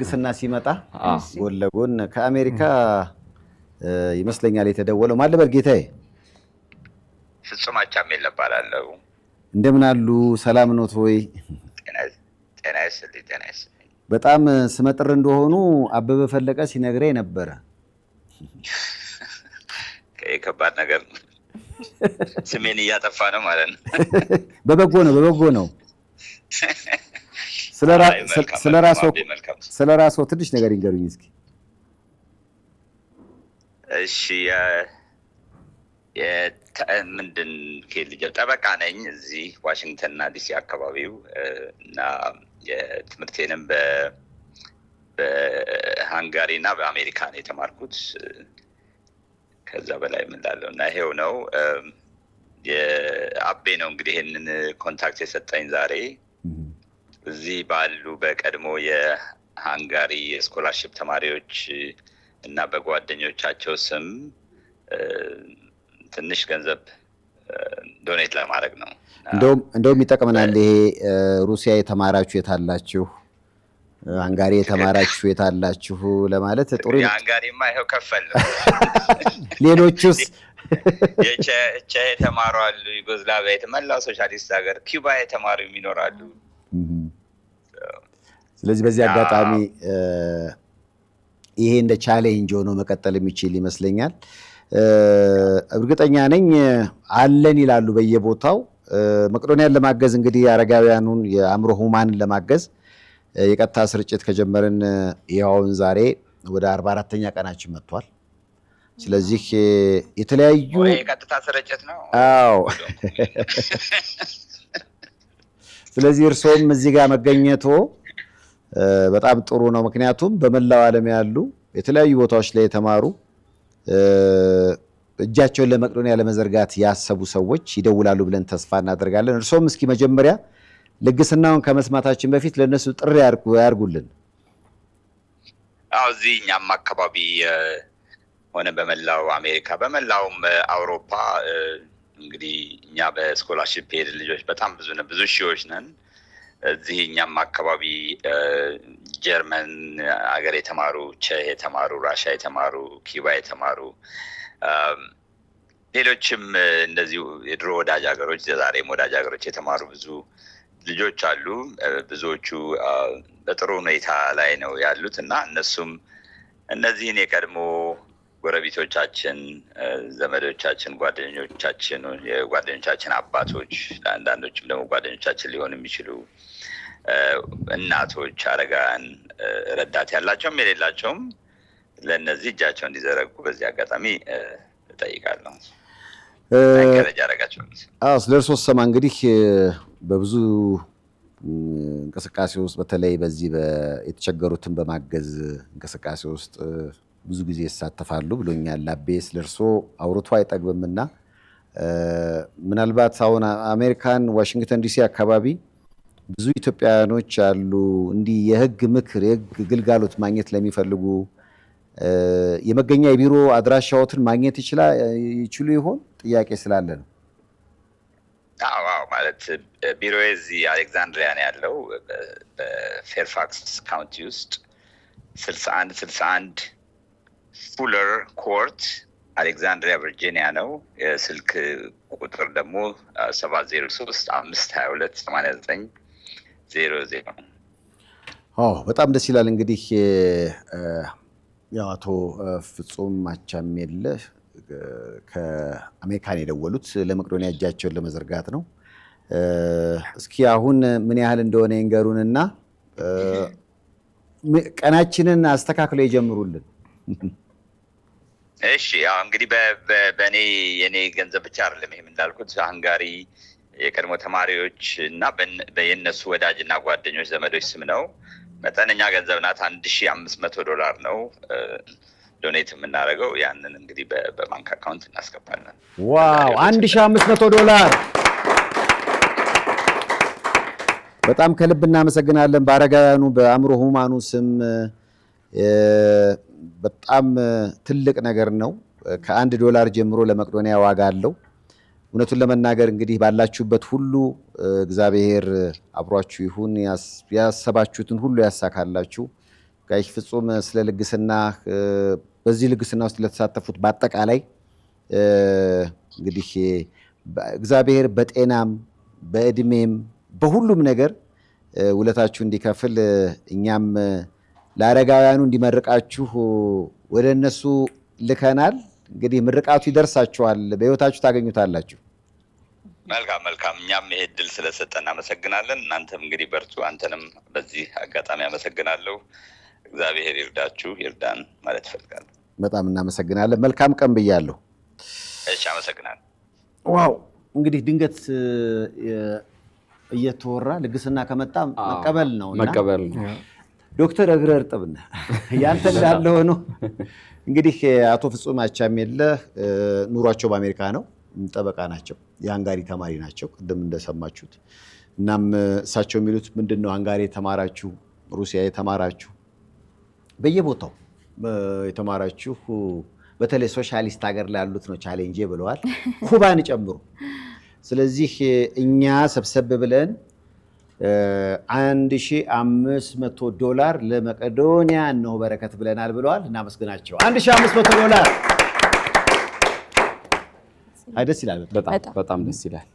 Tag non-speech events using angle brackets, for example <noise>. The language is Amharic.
ግስና ሲመጣ ጎን ለጎን ከአሜሪካ ይመስለኛል የተደወለው። ማን ልበል ጌታዬ? ፍጹም አቻሜል እባላለሁ። እንደምን አሉ? ሰላም ኖት ወይ? ጤና ይስጥልኝ። ጤና ይስጥልኝ። በጣም ስመጥር እንደሆኑ አበበ ፈለቀ ሲነግረኝ ነበረ። ከባድ ነገር ስሜን እያጠፋ ነው ማለት ነው። በበጎ ነው፣ በበጎ ነው። ስለ ራስዎ ትንሽ ነገር ይንገሩኝ እስኪ። እሺ ምንድን ልጀ ጠበቃ ነኝ እዚህ ዋሽንግተንና ዲሲ አካባቢው እና የትምህርቴንም በሃንጋሪ እና በአሜሪካ ነው የተማርኩት። ከዛ በላይ ምን እና ይሄው ነው። የአቤ ነው እንግዲህ ይህንን ኮንታክት የሰጠኝ ዛሬ እዚህ ባሉ በቀድሞ የሃንጋሪ የስኮላርሽፕ ተማሪዎች እና በጓደኞቻቸው ስም ትንሽ ገንዘብ ዶኔት ለማድረግ ነው። እንደውም ይጠቅመናል። ይሄ ሩሲያ የተማራችሁ የታላችሁ፣ ሃንጋሪ የተማራችሁ የታላችሁ ለማለት ጥሩ። ሃንጋሪማ ይኸው ከፈል። <laughs> ሌሎቹስ <laughs> ቼ የተማሩ አሉ፣ ዩጎዝላቪያ የተመላው ሶሻሊስት ሀገር፣ ኪውባ የተማሩ ይኖራሉ። ስለዚህ በዚህ አጋጣሚ ይሄ እንደ ቻሌንጅ ሆኖ መቀጠል የሚችል ይመስለኛል። እርግጠኛ ነኝ አለን ይላሉ በየቦታው መቅዶኒያን ለማገዝ እንግዲህ አረጋውያኑን የአእምሮ ሁማንን ለማገዝ የቀጥታ ስርጭት ከጀመርን ይኸውን ዛሬ ወደ አርባ አራተኛ ቀናችን መጥቷል። ስለዚህ የተለያዩ የቀጥታ ስርጭት ነው። <laughs> ስለዚህ እርስዎም እዚህ ጋር መገኘቶ በጣም ጥሩ ነው። ምክንያቱም በመላው ዓለም ያሉ የተለያዩ ቦታዎች ላይ የተማሩ እጃቸውን ለመቄዶንያ ለመዘርጋት ያሰቡ ሰዎች ይደውላሉ ብለን ተስፋ እናደርጋለን። እርስም እስኪ መጀመሪያ ልግስናውን ከመስማታችን በፊት ለእነሱ ጥሪ ያርጉልን። አዎ እዚህ እኛም አካባቢ ሆነ በመላው አሜሪካ በመላውም አውሮፓ እንግዲህ እኛ በስኮላርሽፕ የሄድን ልጆች በጣም ብዙ ብዙ ሺዎች ነን። እዚህ እኛም አካባቢ ጀርመን ሀገር የተማሩ፣ ቼህ የተማሩ፣ ራሻ የተማሩ፣ ኪባ የተማሩ ሌሎችም እንደዚሁ የድሮ ወዳጅ ሀገሮች ዛሬም ወዳጅ ሀገሮች የተማሩ ብዙ ልጆች አሉ። ብዙዎቹ በጥሩ ሁኔታ ላይ ነው ያሉት እና እነሱም እነዚህን የቀድሞ ጎረቤቶቻችን፣ ዘመዶቻችን፣ ጓደኞቻችን፣ የጓደኞቻችን አባቶች አንዳንዶችም ደግሞ ጓደኞቻችን ሊሆኑ የሚችሉ እናቶች፣ አረጋን ረዳት ያላቸውም የሌላቸውም ለእነዚህ እጃቸው እንዲዘረጉ በዚህ አጋጣሚ እጠይቃለሁ። አረጋቸው ስለ እርሶ ሰማ እንግዲህ በብዙ እንቅስቃሴ ውስጥ በተለይ በዚህ የተቸገሩትን በማገዝ እንቅስቃሴ ውስጥ ብዙ ጊዜ ይሳተፋሉ ብሎኛል። ላቤስ ለእርሶ አውርቶ አይጠግብምና ምናልባት አሁን አሜሪካን ዋሽንግተን ዲሲ አካባቢ ብዙ ኢትዮጵያውያኖች አሉ። እንዲህ የህግ ምክር የህግ ግልጋሎት ማግኘት ለሚፈልጉ የመገኛ የቢሮ አድራሻዎትን ማግኘት ይችሉ ይሆን? ጥያቄ ስላለ ነው። አዎ ማለት ቢሮ እዚህ አሌክዛንድሪያ ነው ያለው በፌርፋክስ ካውንቲ ውስጥ ስልሳ አንድ ስልሳ አንድ ፉለር ኮርት አሌክዛንድሪያ ቨርጂኒያ ነው። የስልክ ቁጥር ደግሞ ሰባት ዜሮ ሶስት አምስት ሀያ ሁለት ሰማንያ ዘጠኝ ዜሮ ዜሮ። በጣም ደስ ይላል። እንግዲህ ያው አቶ ፍጹም የለ ከአሜሪካን የደወሉት ለመቅዶኒያ እጃቸውን ለመዘርጋት ነው። እስኪ አሁን ምን ያህል እንደሆነ ይንገሩንና <laughs> ቀናችንን አስተካክለው ይጀምሩልን። እሺ ያው እንግዲህ በእኔ የኔ ገንዘብ ብቻ አይደለም ይሄም እንዳልኩት ሃንጋሪ የቀድሞ ተማሪዎች እና የእነሱ ወዳጅ እና ጓደኞች ዘመዶች ስም ነው። መጠነኛ ገንዘብ ናት። አንድ ሺ አምስት መቶ ዶላር ነው ዶኔት የምናደርገው። ያንን እንግዲህ በባንክ አካውንት እናስገባለን። ዋው አንድ ሺ አምስት መቶ ዶላር በጣም ከልብ እናመሰግናለን። በአረጋውያኑ በአእምሮ ሁማኑ ስም በጣም ትልቅ ነገር ነው። ከአንድ ዶላር ጀምሮ ለመቅዶኒያ ዋጋ አለው። እውነቱን ለመናገር እንግዲህ ባላችሁበት ሁሉ እግዚአብሔር አብሯችሁ ይሁን፣ ያሰባችሁትን ሁሉ ያሳካላችሁ። ጋሽ ፍጹም ስለ ልግስና በዚህ ልግስና ውስጥ ለተሳተፉት በአጠቃላይ እንግዲህ እግዚአብሔር በጤናም በእድሜም በሁሉም ነገር ውለታችሁ እንዲከፍል እኛም ለአረጋውያኑ እንዲመርቃችሁ ወደ እነሱ ልከናል። እንግዲህ ምርቃቱ ይደርሳችኋል፣ በህይወታችሁ ታገኙታላችሁ። መልካም መልካም። እኛም ይሄ ድል ስለሰጠ እናመሰግናለን። እናንተም እንግዲህ በርቱ። አንተንም በዚህ አጋጣሚ አመሰግናለሁ። እግዚአብሔር ይርዳችሁ፣ ይርዳን ማለት ይፈልጋል። በጣም እናመሰግናለን። መልካም ቀን ብያለሁ። እሺ፣ አመሰግናለሁ። ዋው እንግዲህ ድንገት እየተወራ ልግስና ከመጣ መቀበል ነው መቀበል ነው ዶክተር እግረ እርጥብነ <laughs> ያንተ እንዳለ ሆኖ እንግዲህ አቶ ፍጹም የለ ኑሯቸው በአሜሪካ ነው። ጠበቃ ናቸው። የሃንጋሪ ተማሪ ናቸው። ቅድም እንደሰማችሁት። እናም እሳቸው የሚሉት ምንድን ነው፣ ሃንጋሪ የተማራችሁ፣ ሩሲያ የተማራችሁ፣ በየቦታው የተማራችሁ በተለይ ሶሻሊስት ሀገር ያሉት ነው ቻሌንጄ ብለዋል፣ <laughs> ኩባን ጨምሮ። ስለዚህ እኛ ሰብሰብ ብለን 1500 ዶላር ለመቄዶንያ ነው በረከት ብለናል ብለዋል። እናመስግናቸው። 1500 ዶላር ደስ ይላል። በጣም ደስ ይላል።